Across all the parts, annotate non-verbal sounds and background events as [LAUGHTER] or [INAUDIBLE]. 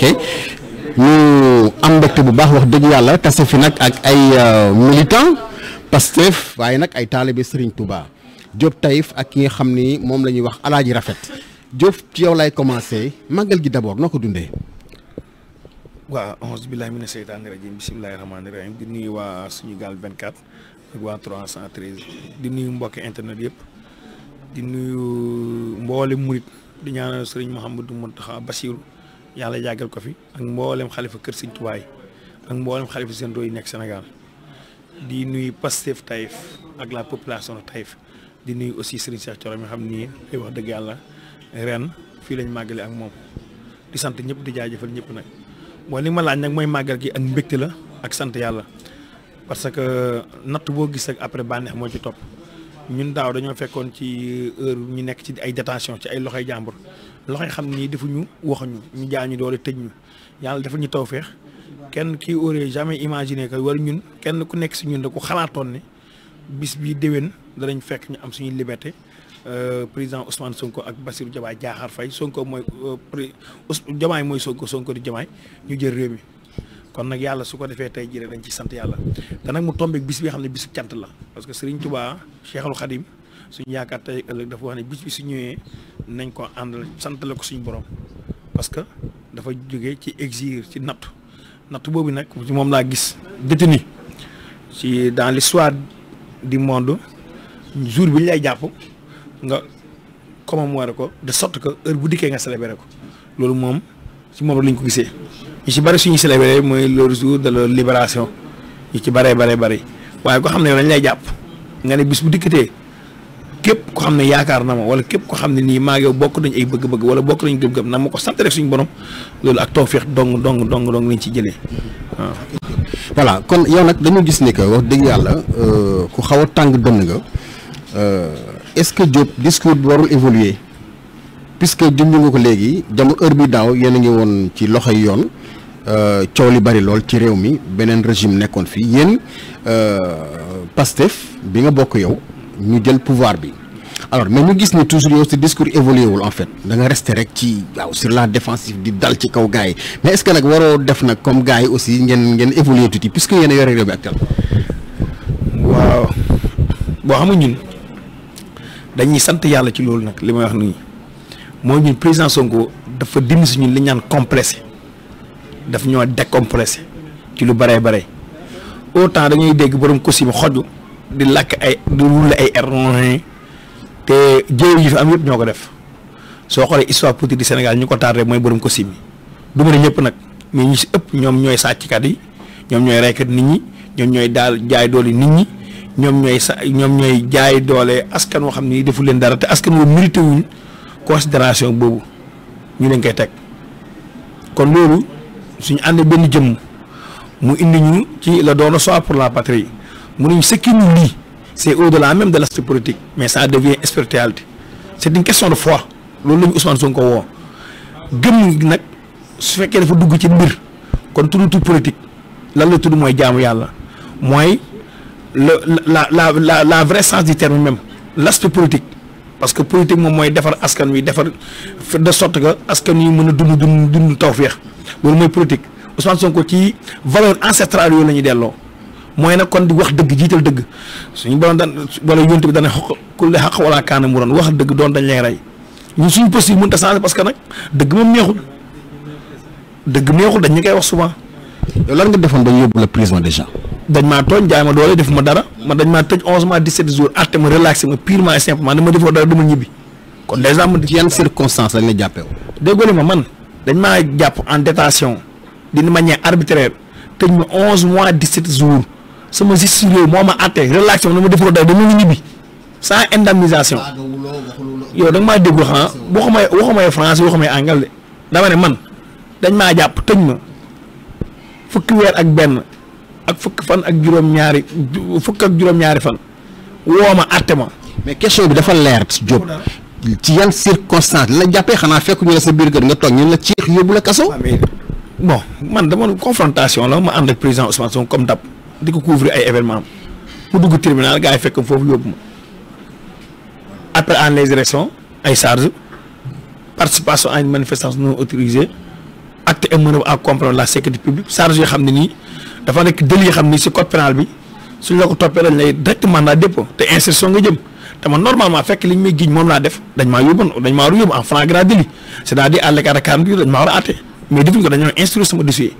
ok am mbégte bu baax wax dëgg yàlla tase fi nag ak ay euh, militant Pastef waaye nag ay taalibe Serigne Touba Diop Taïf ak ki nga xam ni moom la ñuy wax alaaji rafet Diop ci yow lay commencé màggal gi d'abord noo ko dundee. waaw onze billahi mina seytaani rajim bisimilahi rahmaani rahim di nuyu waa suñu gaal 24 ak waa 313 di nuyu mbokke internet yëpp di nuyu mboole murit di ñaanal Serigne Mouhamadou Mountakha Bassirou. yàlla jàggal ko fi ak mboolem xalifa kër Sëñ Tuubaa ak mboolem xalifa seen doo nekk Sénégal di nuyu Pastef Taïf ak la population de Taïf di nuyu aussi Serigne Cheikh Thioro mi xam ni ay wax dëgg yàlla ren fii lañ màggale ak moom di sant ñëpp di jaajëfal ñëpp nag moo li ma laaj nag mooy màggal gi ak mbégte la ak sant yàlla parce que natt boo gis ak après bànneex moo ci topp. ñun daaw dañoo fekkoon ci euh, heure ñu nekk ci ay détention ci ay loxoy jàmbur loxoy xam nii defuñu waxuñu ñu jaañu doole tëj ñu yàlla defal ñu tawféex kenn kii aurait jamais imaginé que war ñun kenn ku nekk si ñun da ku xalaatoon ne bis bii déwén danañ fekk ñu am suñu liberté euh, président Ousmane Sonko ak Bassirou Diomaye Diakhar Faye Sonko mooy euh, Diomaye mooy Sonko Sonko di Diomaye ñu jël réew mi kon nag yàlla su ko defee tey jii dañ ci sant yàlla te nag mu tombeek bis bi xam ne bisu cant la parce que Serigne Touba Cheikhul Khadim suñ yaakaar tey ëllëg dafa wax ne bis bi su ñëwee nañ ko àndal la ko suñu borom parce que dafa jóge ci exil ci nattu nattu boobu nag moom laa gis détenu ci dans l'histoire du monde jour bi ñu lay jàpp nga commémorer ko de sorte que heure bu dikkee nga célébrer ko loolu moom si moom lañ ko gisee. ñu ci bari suñu célébré mooy le jour de la libération ñu ci baree baree bari waaye ko xam ne yow dañ lay jàpp nga ne bis bu dikkatee képp ko xam ne yaakaar na ma wala képp ko xam ne nii maa ngi bokk nañ ay bëgg-bëgg wala bokk nañ gëm-gëm na ma ko sant rek suñu borom loolu ak tawféex dong dong dong dong lañ ci jëlee waaw. voilà kon yow nag dañu gis ni que wax dëgg yàlla euh, ku xaw a tàng dënn nga euh, est-ce que Diop discours bi warul évoluer puisque junj nga ko léegi jamono heure bi daaw yéen a ngi woon ci loxoy yoon. Euh, coow li bari lool ci réew mi beneen régime nekkoon fii yéen euh, Pastef bi nga bokk yow ñu jël pouvoir bi alors mais ñu gis ni toujours yow si discours évolué wul en fait da nga resté rek ci waaw sur la défensive di dal ci kaw gars yi mais est-ce que nag waroo def na comme gars yi aussi ngeen ngeen évolué tuuti puisque yéen a yore réew mi ak waaw boo xam ñun dañuy sant yàlla ci loolu nag li may wax nii mooy ñun président Sonko dafa dindi si ñun li ñaan complexé daf ñoo décompressé ci lu bëree bëri autant dañuy dégg borom kusi bi xoju di lakk ay di wulle ay air te jéew yi fi am yëpp ñoo ko def soo xoolee histoire politique du Sénégal ñu ko tardé mooy borom kusi bi du ma ne ñëpp nag mais ñu si ëpp ñoom ñooy sàcckat yi ñoom ñooy reykat nit ñi ñoom ñooy daal jaay doole nit ñi ñoom ñooy sa ñoom ñooy jaay doole askan woo xam ni deful leen dara te askan woo mérité wuñ considération boobu ñu leen koy teg kon loolu suñu ànd benn jëmm mu indi ñu ci la don de pour la patrie mu ne ñu ce qui nous lie c'est au-delà même de l'aspect politique mais ça devient spiritualité c'est une question de fois loolu la ñu Ousmane Sonko woo gëm nag su fekkee dafa dugg ci mbir kon tuddutu politique lan la tudd mooy jaamu yàlla mooy le la la la la vrai sens du terme même l'aspect politique parce que politique moom mooy defar askan wi defar de sorte que askan wi mun a dund dund dund tawféex loolu mooy politique Ousmane Sonko ci valeur ancestrale yooyu la delloo mooy nag kon di wax dëgg jiital dëgg suñu borom daan wala yonent bi daan xaq ku le xaq wala kaana mu doon wax dëgg doon dañ lay rey ñun suñu posture mënut a changer parce que nag dëgg moom neexul dëgg neexul dañ ñu koy wax souvent. yow lan nga defoon dañ yóbbu la prison déjà. dañ maa tooñ jaay ma doole def ma dara ma dañ maa tëj onze mois dix sept jours àtte ma relaxé ma purement et simplement dama defoo dara dama la jàppee ma dañ maa jàpp en détention d'une manière arbitraire tëj ma onze mois dix-sept jours sama justice réew moo ma àtte relaxé ma ne ma defoo daw dama ñibbi sans indemnisation yow da nga maa déggul xanaa ah, waxumay waxumay français waxumay anglais dama ne man dañ maa jàpp tëj ma fukk weer ak benn ak fukk fan ak juróom-ñaari fukk ak juróom-ñaari fan woo ma àtte ma. mais question bi dafa leer Diop ci yan circonstance la jàppee xanaa fekk ñu ne sa biir kër nga toog ñu la ciix yóbbu la kaso. bon man dama confrontation la ma ànd ak président Ousmane comme dab di ko couvrir ay événement mu dugg tribunal gars yi fekk foofu yóbbu ma après en les élections ay charge participation à une manifestation non autorisée acte amenable à comprendre la sécurité publique charges yoo xam ne nii dafa nekk délit yoo xam ne si code pénal bi suñ la ko toppee dañ lay direct mandat te insertion nga jëm. dama normalement fekk liñ may giñ moom laa def dañ maa yóbbu dañ maa war a yóbbu en flagrant délit c'est-à-dire à l'écart de 48 dañ maa war a àtte mais defuñ ko dañu doon sama dossier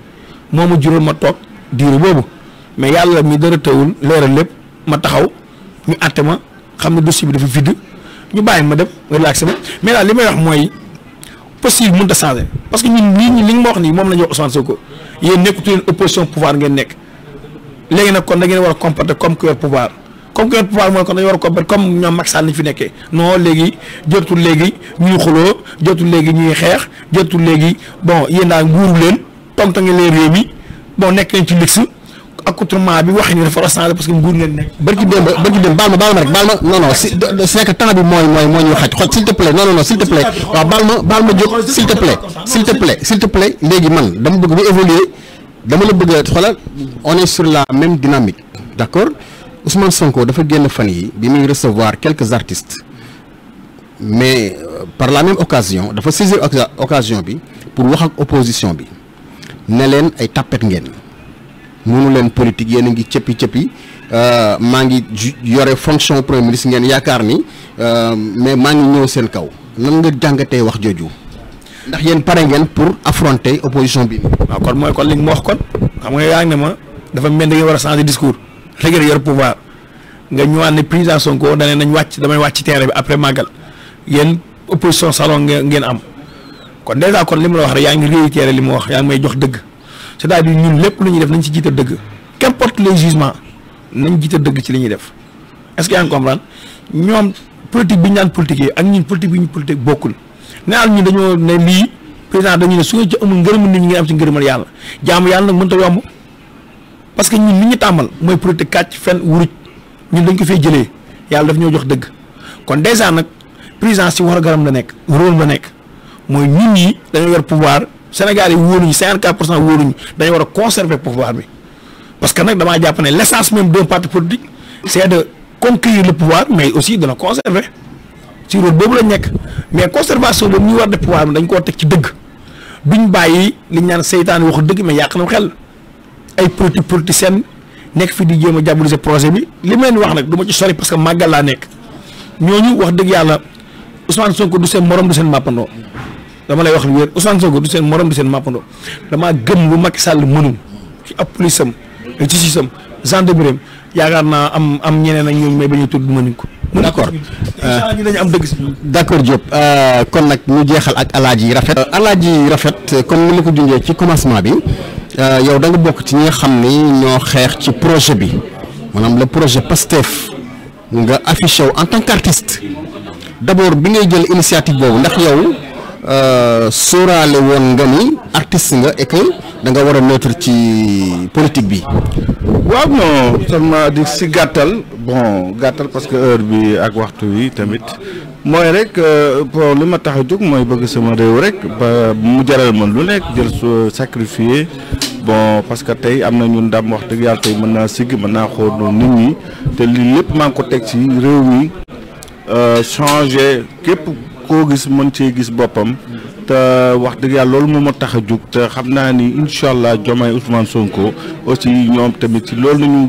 moo ma jural ma toog diiru boobu mais yàlla mi dara tawul leeral lépp ma taxaw ñu àtte ma xam ne dossier bi dafa vide ñu bàyyi ma dem relaxé ma mais daal li may wax mooy possible mënut a changer parce que ñun nit ñi li ma wax nii moom la ñu wax Ousmane Sonko yéen nekkatu leen da ngeen a comporter comme que pouvoir. comme que pouvoir mooy kon dañu a compété comme ñoom Macky Sall lañ fi nekkee non léegi jotul léegi ñuy xuloo jotul léegi ñuy xeex jotul léegi bon yéen daal nguuru leen tontu ngeen leen réew mi bon nekk nañ ci luxe accoutrement bi waxi ni dafa rassemblé parce que nguur ngeen nekk. bërki démb bërki démb baal ma baal ma rek baal ma non non si c'est que temps bi mooy mooy moo ñu xaj xoj s'il te plaît non non non s'il te plaît waaw baal ma baal ma jóg s'il te plaît s'il te léegi man dama bëgg bu évoluer la bëgg a xoolal on est sur la même dynamique Ousmane Sonko dafa génn fan yi bi muy recevoir quelques artistes mais euh, par la même occasion dafa saisir occasion bi pour wax ak opposition bi ne leen ay tappet ngeen mënu leen politique yéen a ngi cëppi cëppi euh, maa ngi yore fonction premier ministre ngeen yaakaar ni euh, mais maa ngi ñëw seen kaw nan nga jàngatee wax jooju ndax yéen pare ngeen pour affronter opposition bi. waaw kon mooy kon li mu wax kon xam nga yaa ngi ne ma dafa mel ni da war a changer discours. léegi yor pouvoir nga ñëwaat ne président Sonko da ne nañ wàcc damay wàcc terrain bi après màggal yéen opposition salon ngeen am kon dèjà kon li ma la wax rek yaa ngi réitéré li ma wax yaa ngi may jox dëgg c'est-à-dire ñun lépp lu ñuy def nañ ci jiital dëgg qu'importe les jugements nañ jiital dëgg ci li ñuy def est-ce que yaa ngi comprendre ñoom politique bi ñu naan politique ak ñun politique bi ñu politique bokkul nee naa ñu dañoo ne lii président dañu ne su nga ci amul ngërëm nit ñi ngeen am ci yàlla jaamu a yomb. parce que ñun li ñu tàmmal mooy politique kàcc fen wuruj ñun dañ ko fee jëlee yàlla daf ñoo jox dëgg kon dèjà nag présidence ci war a garam la nekk rôle la nekk mooy ñun ñi dañoo yor pouvoir Sénégal yi wóoluñu 54 pour cent wóoluñu dañu war a conserver pouvoir bi parce que nag damaa jàpp ne l' essence même d'un parti politique c' est de le pouvoir mais aussi de le conserver ci rôle boobu la nekk mais conservation boobu ñu war def pouvoir bi dañ koo teg ci dëgg duñ bàyyi li ñu naan seytaane waxu dëgg mais yàq na xel. ay politique seen nekk fi di jéem a sa projet bi li ma leen wax nag du ma ci sori parce que màggal laa nekk ñooñu wax dëgg yàlla Ousmane Sonko du seen moroom du seen màppandoo dama lay wax lu wér Ousmane Sonko du seen morom du seen màppandoo damaa gëm lu Macky sàll mënul ci ab police am ci si sam gendarmerie am yaakaar naa am am ñeneen ak ñoom mais ba ñu tudd mënuñ ko. d' accord dañu am dëgg si d' accord Diop euh, kon nag ñu jeexal ak alaaji rafet. Euh, alaaji rafet comme ni ma ko junjee ci commencement bi. Euh, yow da nga bokk ci ñi nga xam ni ñoo xeex ci projet bi maanaam le projet PASTEF nga affiché wu en tant qu'artiste d'abord bi ngay jël initiative boobu ndax yow euh, sóoraale woon nga ni artiste nga et que da nga war a neutre ci politique bi. waaw non seulement di si gàttal bon gàttal parce que heure bi ak waxtu wi tamit mooy rek euh, pour li ma tax a mooy bëgg sama réew rek ba mu jaral ma lu nekk jël sacrifier bon parce que tey am na ñun ndam wax dëgg yàlla tey mën naa sigg mën naa xool nit ñi te lii lépp maa ngi ko teg ci réew mi euh, changé képp koo gis mën cee gis boppam te wax dëgg yàlla loolu moo ma tax a jug te xam naa ni incha allah Diomaye Sonko aussi ñoom tamit ci loolu nañu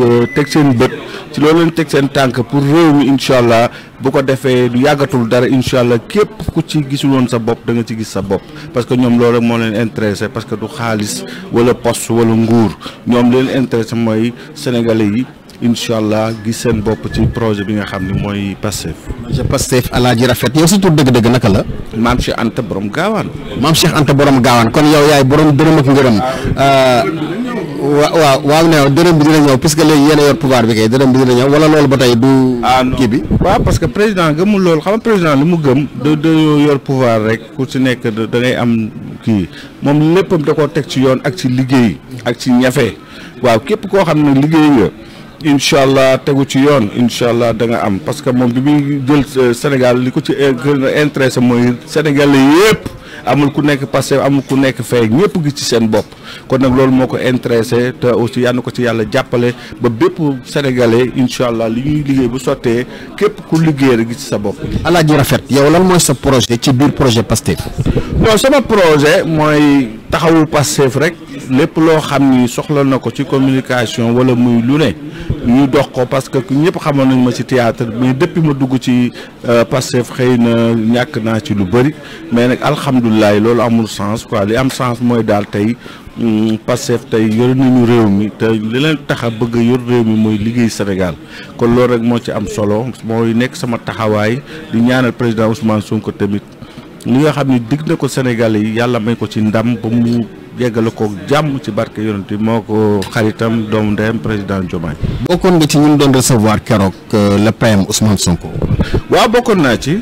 euh, teg seen bët ci loolu leen teg seen tànk pour réew mi incha allah bu ko defee du yàggatul dara incha allah képp ku ci gisul woon sa bopp da nga ci gis sa bopp parce que ñoom loolu rek moo leen intéressé parce que du xaalis wala post wala nguur ñoom leen intéressé mooy sénégalais yi incha allah gis seen bopp ci projet bi nga xam ne mooy Pastef. projet Pastef alaaji rafet yow sa tur dëgg-dëgg naka la. maam Cheikh Anta borom gaawaan. maam Cheikh Anta borom gaawaan kon yow yaay borom dërëm ak ngërëm. Euh, waaw waaw ne dërëm bi dina ñëw puisque léegi yéen yor pouvoir bi kay dërëm bi dina ñëw wala loolu ba tay du. ah kii bi waaw parce que président gëmul lool xam nga président li mu gëm da da yor pouvoir rek ku si nekk da ngay am kii moom léppam da koo teg ci yoon ak ci liggéey ak ci ñafe waaw képp koo xam ne liggéey nga. incha allah tegu ci yoon incha allah danga am parce que moom bi muy jël euh, Sénégal li ko ci euh, gën a intéressé mooy sénégalais yëpp. amul ku nekk Pastef amul ku nekk fay ñëpp gis ci seen bopp kon nag loolu moo ko intéressé te aussi yal na ko ci yàlla jàppale ba bépp sénégalais incha allah li ñuy liggéey bu sottee képp ku liggéey rek gis ci sa bopp. Alaaji Rafet yow lan mooy sa projet ci biir projet Pastef. non sama projet mooy taxawu Pastef rek lépp loo xam ni soxla na ko ci communication wala muy lu ne. ñu dox ko parce que ñëpp xamoon nañ ma ci théâtre mais depuis ma dugg ci euh, Pastef xëy na ñàkk naa ci lu bëri mais nag alhamdulilah loolu amul sens quoi li am sens mooy daal tey mm, Pastef tey yor nañu réew mi te li leen tax a bëgg yor réew mi mooy liggéey Sénégal kon loolu rek moo ci am solo mooy nekk sama taxawaay di ñaanal président Ousmane Sonko tamit li nga xam ne digg na ko Sénégalais yi yàlla may ko ci ndam ba mu. yeggale ko jàmm ci barke yonent moo ko xaritam doomu ndeyam président Diomaye. bokkoon nga ci ñun doon recevoir keroog euh, le PM Ousmane Sonko. waaw bokkoon naa ci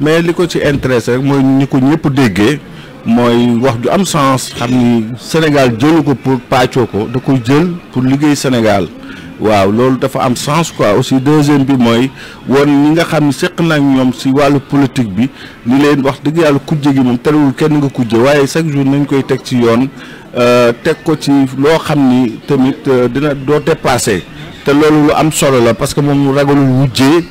mais li ko ci intéressé rek mooy ñi ko ñëpp déggee mooy wax ju am sens xam ni Sénégal jëlu ko pour pàccoo ko da ko jël pour liggéey Sénégal. waaw loolu dafa am sens quoi aussi deuxième bi mooy woon ñi nga xam ne seq naag ñoom si wàllu politique bi ni leen wax dëgg yàlla kujje gi moom terewul kenn nga kujje waaye chaque jour nañ koy teg ci yoon euh, teg ko ci loo xam ni tamit euh, dina doo dépassé te loolu lu am solo la parce que moom ragalul wujjee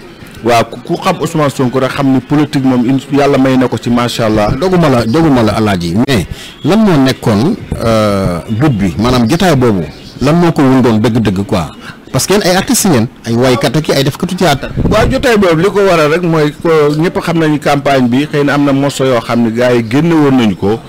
waaw ku xam Ousmane ko rek xam ni politique moom in yàlla may na ko ci macha allah. doguma la doguma la alaaji mais lan moo nekkoon euh, but bi maanaam jotaay boobu lan moo ko wundoon dëgg-dëgg quoi. parce que yéen ay artistes ngeen ay waykat ak ay defkatu théâtre waaw jotaay boobu li ko waral rek mooy ñëpp xam nañu campagne bi xëy na am na moso yoo xam ne gars yi génne woon nañu ko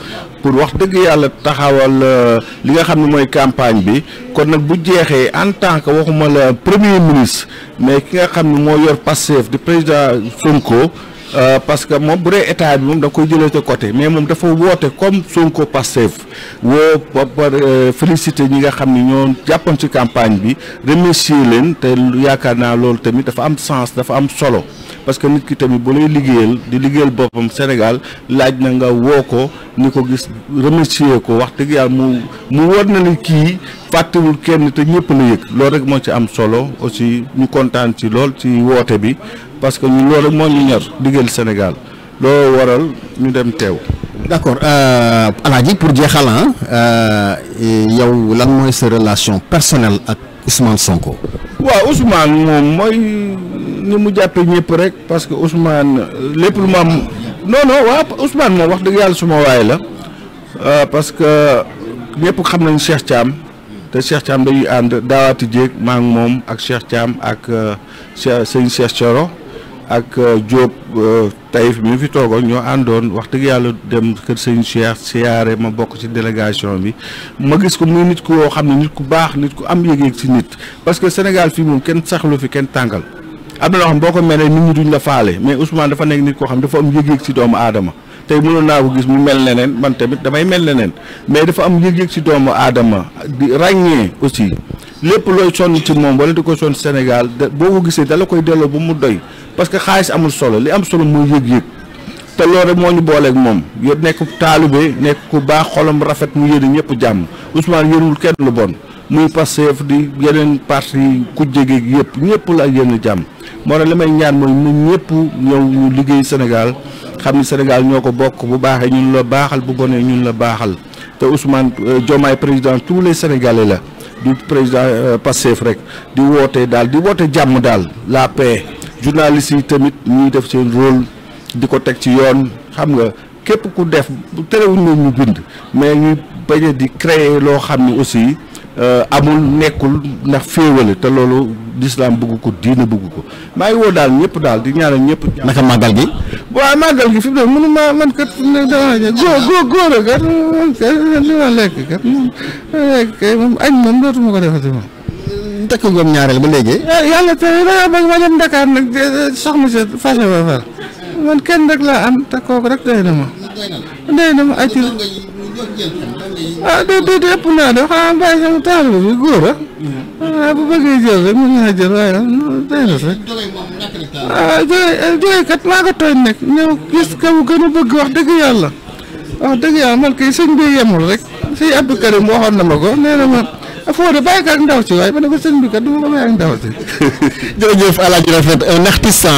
pour wax dëgg yàlla taxawal euh, li nga xam ne mooy campagne bi kon nag bu jeexee en tant que waxuma la premier ministre mais ki nga xam ne moo yor Pastef di président Sonko Euh, parce que moom bu dee état bi moom da koy jëlee ci côté mais moom dafa woote comme Sonko Pastef woo par euh, félicité ñi nga xam ni ñoo jàppoon ci campagne bi remercier leen te yaakaar naa loolu tamit dafa am sens dafa am solo parce que nit ki tamit bu lay liggéeyal di liggéeyal boppam Sénégal laaj na nga woo ko ni ko gis remercier ko wax dëgg yàlla mu mu war na ni kii fàttewul kenn te ñëpp la yëg loolu rek moo ci am solo aussi ñu kontaan si lool ci woote bi parce que ñun loolu rek moo ñu ñor liggéeyal Sénégal loolu waral ñu dem teew. d' accord euh, Alaaji pour jeexal euh, yow lan mooy sa relation personnelle ak Ousmane Sonko. waaw Ousmane moom mooy ni mu jàppee ñëpp rek parce que Ousmane lépp lu ma am non non moom wax dëgg yàlla suma waay la euh, parce que ñëpp xam nañ Cheikh Thiam te Cheikh Thiam dañuy ànd daawaati jéeg maa moom ak Cheikh Thiam ak sëñ Cheikh ak euh, Diop euh, Taïf mi fi toogoon ñoo àndoon wax dëgg yàlla dem kër sëñ Cheikh siyaare ma bokk ci délégation bi ma gis ko muy nit ku woo xam ne nit ku baax nit ku am yëg-yëg ci nit parce que Sénégal fii moom kenn saxlu fi kenn tàngal am na loo xam boo ko mel nit ñi duñ la faale mais Ousmane dafa nekk nit koo xam dafa am yëg-yëg ci doomu aadama tey mënoon naa ko gis mu mel neneen man tamit damay mel neneen mais dafa am yëg-yëg ci doomu aadama di ràññee aussi. lépp looy sonn ci moom wala di ko sonn Sénégal boo ko gisee dala koy delloo ba mu doy parce que xaalis amul solo li am solo mooy yëg-yëg te loolu rek moo ñu booleek moom yo nekk taalibe nekk ku baax xolam rafet mu yéene ñëpp jàmm Ousmane yéenul kenn lu bon muy fu di yeneen parti ku jege yëpp ñëpp la yéen jàmm moo tax la may ñaan mooy ñun ñëpp ñëw ñu liggéey Sénégal xam ni Sénégal ñoo ko bokk bu baaxee ñun la baaxal bu bonee ñun la baaxal te Ousmane euh, Diomaye président tous les Sénégalais la. du président euh, Pastef rek di woote daal di woote jàmm daal la paix journaliste yi tamit ñuy def seen rôle di ko teg ci yoon xam nga képp ku def terewuñ na ñu bind mais ñuy bañ di créer loo xam ni aussi Euh, amul nekkul ndax féewale te loolu lislaam bugg ko diina bëgg ko maa woo daal ñëpp daal di ñaanal ñëpp. naka màggal gi. waaw màggal gi fi mu ne mënu ma man kat damaa góor góor a kat man kat li ma lekk kat moom moom añ moom dootuma ko defati moom. takk ngoom ñaareel ba léegi. Eh, yàlla te da ma dem Dakar nag soxna si fase ba far man kenn rek laa am te kooku rek doy na ma. doy na ah déedéet ëpp naa de xanaa bàyyi sama taal bi góor a bu bëggee jël rek mën naa jël waaye nag tey na sax ah jooy kat maa ko tooñ nag gis ka mu gën a bëgg wax dëgg yàlla wax dëgg yàlla man kay sëñ bi rek si Abdou Karim waxoon na ma ko nee ma Fodé bàyyi ko ak ndaw si waaye ma ne ko sëñ bi kat ko bàyyi ak ndaw si. [LAUGHS] jërëjëf El Hadj Rafet un artiste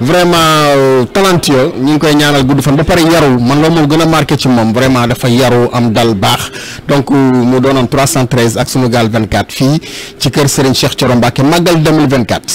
vraiment euh, talentueux ñu ngi koy ñaanal gudd fan ba pare yaru man loolu moom gën a marqué ci moom vraiment dafa yaru am dal baax donc euh, mu doonoon 313 ak sunu gaal 24 fii ci kër Serigne Cheikh Thioro Mbacke màggal 2024.